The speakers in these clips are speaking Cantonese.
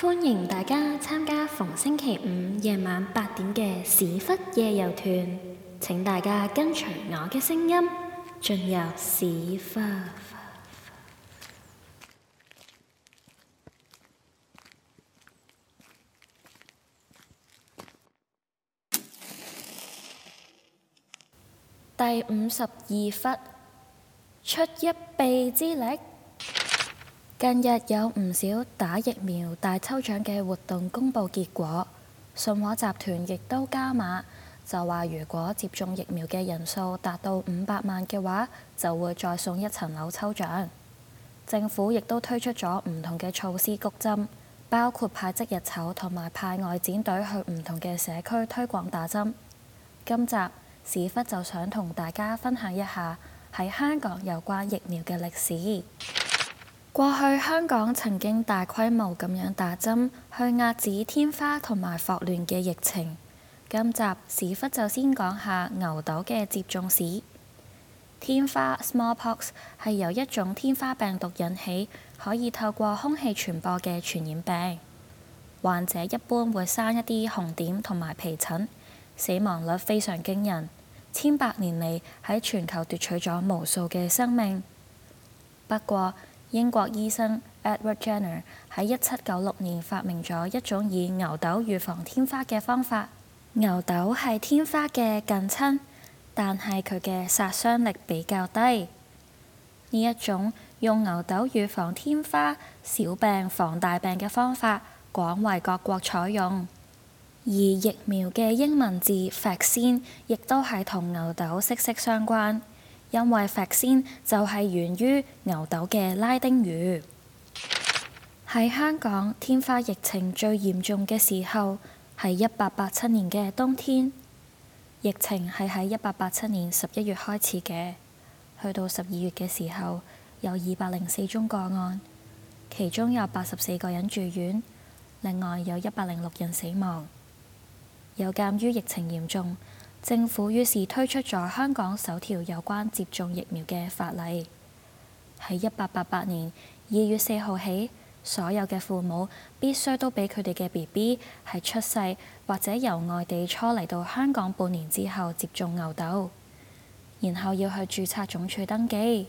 歡迎大家參加逢星期五夜晚八點嘅屎忽夜遊團。請大家跟隨我嘅聲音，進入屎忽。第五十二窟，出一臂之力。近日有唔少打疫苗大抽獎嘅活動公布結果，信和集團亦都加碼，就話如果接種疫苗嘅人數達到五百萬嘅話，就會再送一層樓抽獎。政府亦都推出咗唔同嘅措施谷針，包括派即日籌同埋派外展隊去唔同嘅社區推廣打針。今集史窟就想同大家分享一下喺香港有關疫苗嘅歷史。過去香港曾經大規模咁樣打針去遏止天花同埋霍亂嘅疫情。今集史窟就先講下牛痘嘅接種史。天花 （smallpox） 係由一種天花病毒引起，可以透過空氣傳播嘅傳染病。患者一般會生一啲紅點同埋皮疹，死亡率非常驚人，千百年嚟喺全球奪取咗無數嘅生命。不過英國醫生 Edward Jenner 喺一七九六年發明咗一種以牛痘預防天花嘅方法。牛痘係天花嘅近親，但係佢嘅殺傷力比較低。呢一種用牛痘預防天花、小病防大病嘅方法，廣為各國採用。而疫苗嘅英文字「vaccine」亦都係同牛痘息息相關。因為「vaccine」就係源於牛痘嘅拉丁語。喺香港天花疫情最嚴重嘅時候，係一八八七年嘅冬天。疫情係喺一八八七年十一月開始嘅，去到十二月嘅時候有二百零四宗個案，其中有八十四個人住院，另外有一百零六人死亡。有鑑於疫情嚴重，政府於是推出咗香港首條有關接種疫苗嘅法例，喺一八八八年二月四號起，所有嘅父母必須都俾佢哋嘅 BB 喺出世或者由外地初嚟到香港半年之後接種牛痘，然後要去註冊總署登記。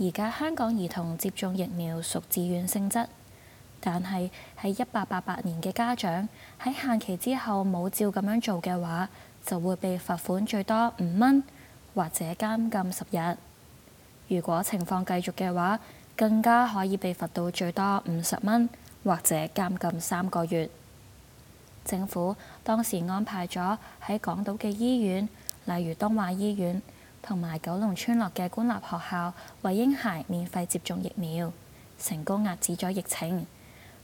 而家香港兒童接種疫苗屬自願性質，但係喺一八八八年嘅家長喺限期之後冇照咁樣做嘅話，就會被罰款最多五蚊，或者監禁十日。如果情況繼續嘅話，更加可以被罰到最多五十蚊，或者監禁三個月。政府當時安排咗喺港島嘅醫院，例如東華醫院，同埋九龍村落嘅官立學校，為嬰孩免費接種疫苗，成功壓止咗疫情。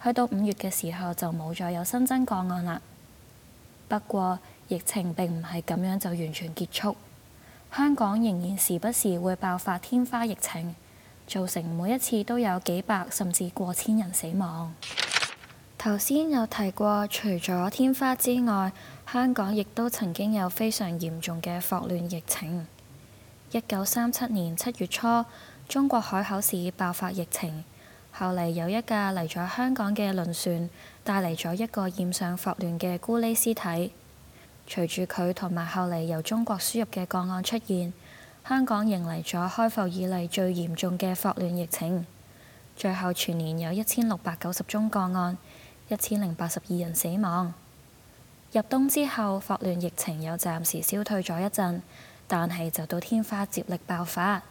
去到五月嘅時候，就冇再有，有新增個案啦。不過，疫情並唔係咁樣就完全結束，香港仍然時不時會爆發天花疫情，造成每一次都有幾百甚至過千人死亡。頭先 有提過，除咗天花之外，香港亦都曾經有非常嚴重嘅霍亂疫情。一九三七年七月初，中國海口市爆發疫情。後嚟有一架嚟咗香港嘅輪船，帶嚟咗一個染上霍亂嘅咕喱屍體。隨住佢同埋後嚟由中國輸入嘅個案出現，香港迎嚟咗開埠以嚟最嚴重嘅霍亂疫情。最後全年有一千六百九十宗個案，一千零八十二人死亡。入冬之後，霍亂疫情又暫時消退咗一陣，但係就到天花接力爆發。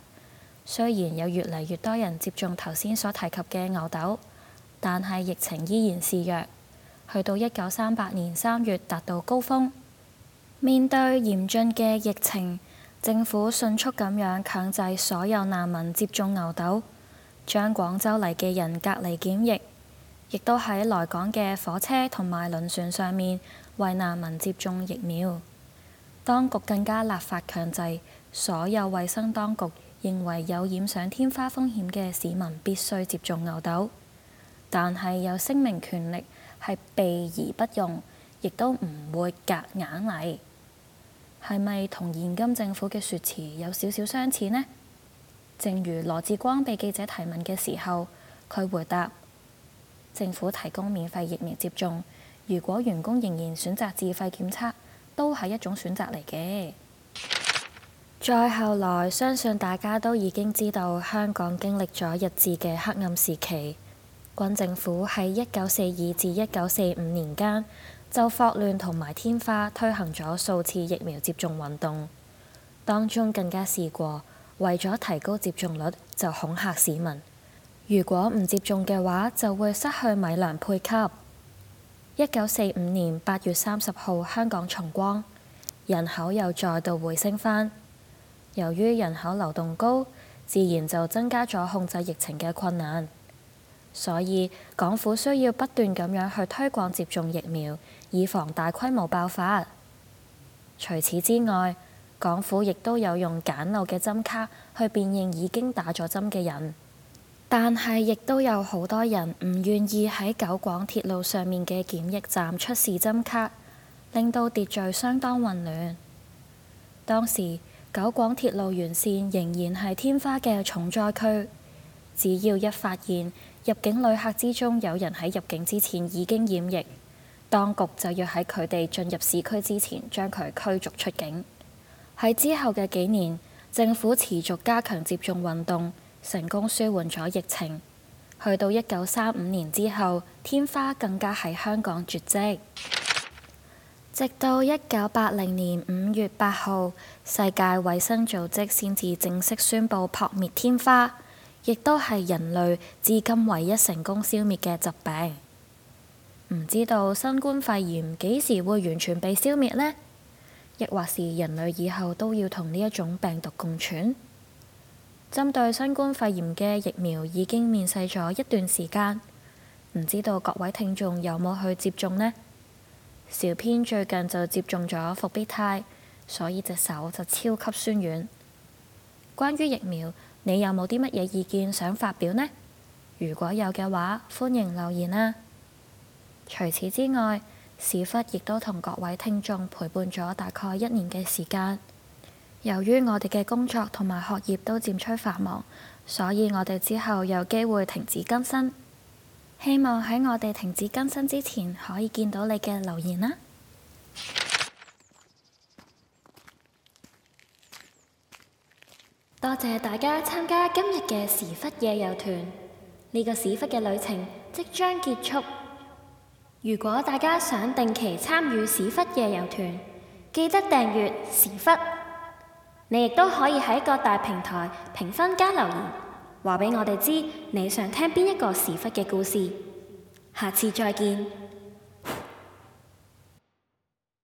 雖然有越嚟越多人接種頭先所提及嘅牛痘，但係疫情依然肆虐。去到一九三八年三月達到高峰。面對嚴峻嘅疫情，政府迅速咁樣強制所有難民接種牛痘，將廣州嚟嘅人隔離檢疫，亦都喺來港嘅火車同埋輪船上面為難民接種疫苗。當局更加立法強制所有衛生當局認為有染上天花風險嘅市民必須接種牛痘，但係有聲明權力係備而不用，亦都唔會夾硬嚟，係咪同現今政府嘅説辭有少少相似呢？正如羅致光被記者提問嘅時候，佢回答：政府提供免費疫苗接種，如果員工仍然選擇自費檢測，都係一種選擇嚟嘅。再後來，相信大家都已經知道香港經歷咗日治嘅黑暗時期。軍政府喺一九四二至一九四五年間，就霍亂同埋天花推行咗數次疫苗接種運動。當中更加試過，為咗提高接種率，就恐嚇市民：如果唔接種嘅話，就會失去米糧配給。一九四五年八月三十號，香港重光，人口又再度回升返。由於人口流動高，自然就增加咗控制疫情嘅困難，所以港府需要不斷咁樣去推廣接種疫苗，以防大規模爆發。除此之外，港府亦都有用簡陋嘅針卡去辨認已經打咗針嘅人，但係亦都有好多人唔願意喺九廣鐵路上面嘅檢疫站出示針卡，令到秩序相當混亂。當時，九廣鐵路沿線仍然係天花嘅重災區，只要一發現入境旅客之中有人喺入境之前已經染疫，當局就要喺佢哋進入市區之前將佢驅逐出境。喺之後嘅幾年，政府持續加強接種運動，成功舒緩咗疫情。去到一九三五年之後，天花更加喺香港絕跡。直到一九八零年五月八號，世界衛生組織先至正式宣布撲滅天花，亦都係人類至今唯一成功消滅嘅疾病。唔知道新冠肺炎幾時會完全被消滅呢？亦或是人類以後都要同呢一種病毒共存？針對新冠肺炎嘅疫苗已經面世咗一段時間，唔知道各位聽眾有冇去接種呢？小編最近就接種咗復必泰，所以隻手就超級酸軟。關於疫苗，你有冇啲乜嘢意見想發表呢？如果有嘅話，歡迎留言啊。除此之外，史窟亦都同各位聽眾陪伴咗大概一年嘅時間。由於我哋嘅工作同埋學業都漸趨繁忙，所以我哋之後有機會停止更新。希望喺我哋停止更新之前，可以見到你嘅留言啦！多謝大家參加今日嘅史窟夜遊團，呢個史窟嘅旅程即將結束。如果大家想定期參與史窟夜遊團，記得訂閱史窟。你亦都可以喺各大平台評分加留言。話俾我哋知，你想聽邊一個史窟嘅故事，下次再見。